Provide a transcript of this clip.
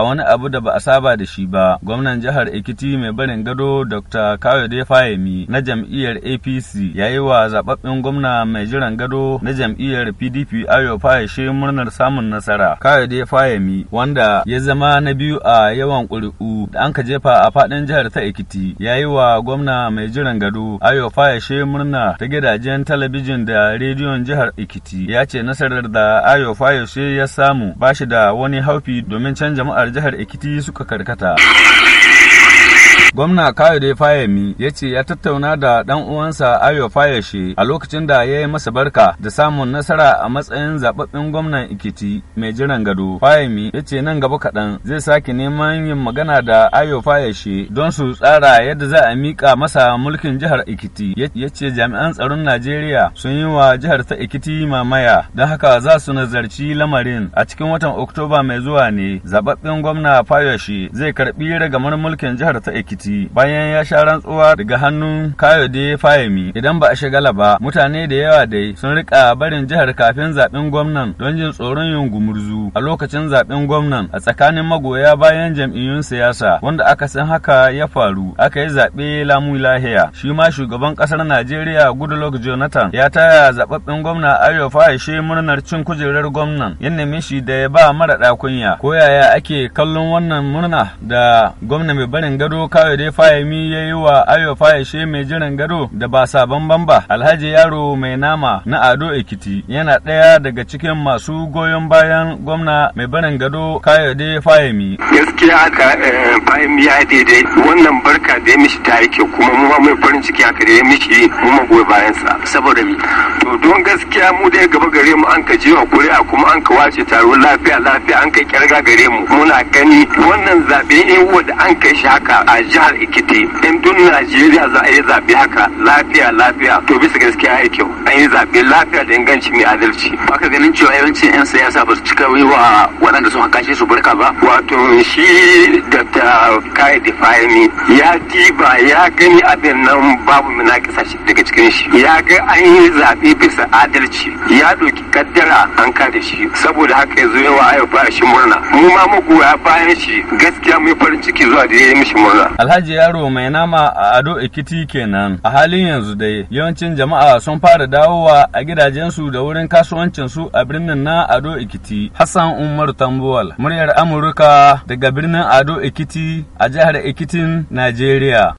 a wani abu da ba a saba da shi ba gwamnan jihar ekiti mai barin gado dr kayode fayemi na jam'iyyar apc ya yi wa zababben gwamna mai jiran gado na jam'iyyar pdp ayo fayashe murnar samun nasara kayode fayemi wanda ya zama na biyu a yawan ƙuri'u da an ka jefa a faɗin jihar ta ekiti ya yi wa gwamna mai jiran gado ayo fayashe murna ta gidajen talabijin da rediyon jihar ekiti ya ce nasarar da ayo fayashe ya samu ba shi da wani haufi domin can jama'ar jihar Ekiti suka karkata. Gwamna Kayode Fayemi ya ce ya tattauna da ɗan uwansa Ayo Fayeshe a lokacin da ya yi masa barka da samun nasara a matsayin zaɓaɓɓen gwamnan Ikiti mai jiran gado. Fayemi ya ce nan gaba kaɗan zai sake neman yin magana da Ayo Fayeshe don su tsara yadda za a miƙa masa mulkin jihar Ikiti. Ya ce jami'an tsaron Najeriya sun yi wa jihar ta Ikiti mamaya don haka za su nazarci lamarin a cikin watan Oktoba mai zuwa ne zaɓaɓɓen gwamna Fayeshe zai karɓi ragamar mulkin jihar ta Ikiti. asibiti bayan ya sha rantsuwa daga hannun Kayode mi. idan ba a shagala ba mutane da yawa dai sun rika barin jihar kafin zaben gwamnan don jin tsoron yungumurzu a lokacin zaben gwamnan a tsakanin magoya bayan jam'iyyun siyasa wanda aka san haka ya faru aka yi zaɓe lamu lahiya shi ma shugaban ƙasar Najeriya Goodluck Jonathan ya taya zaɓaɓɓen gwamna Ayo Fahishe murnar cin kujerar gwamnan ya nemi shi da ya ba mara kunya ko yaya ake kallon wannan murna da gwamna mai barin gado kawai dai Fahimi ya yi wa Ayo fayashe mai jiran gado da ba sabon ba Alhaji Yaro mai nama na Ado Ekiti yana daya daga cikin masu goyon bayan gwamna mai barin gado Kayode Fahimi. Gaskiya aka eh, Fahimi ya daidai wannan barka da ya mishi ta yake kuma mu mai farin ciki haka da ya mishi mu magoyi bayansa saboda mi. To don gaskiya mu dai gaba gare mu an kaje wa kuri'a kuma ce taro lafiya lafiya an kai kyarga gare mu muna gani wannan zaɓe ne wanda an kai shi haka a jihar ikiti in dun Najeriya za a yi zaɓe haka lafiya lafiya to bisa gaskiya ya kyau an yi zaɓe lafiya da inganci mai adalci aka ganin cewa yawancin 'yan siyasa ba su cika yi wa waɗanda sun kashe su barka ba wato shi ta Kai Defayemi ya diba ya gani abin nan babu munakisa daga cikin shi ya ga an yi zaɓe bisa adalci ya ɗauki kaddara an kada shi saboda haka yanzu yawa a shi murna mu ma magoya bayan shi gaskiya mu farin ciki zuwa da ya mishi murna alhaji yaro mai nama a ado ikiti kenan a halin yanzu dai yawancin jama'a sun fara dawowa a gidajensu da wurin kasuwancinsu a birnin na ado ikiti. hassan umar tambuwal muryar amurka daga birnin ado ikiti a jihar ikitin najeriya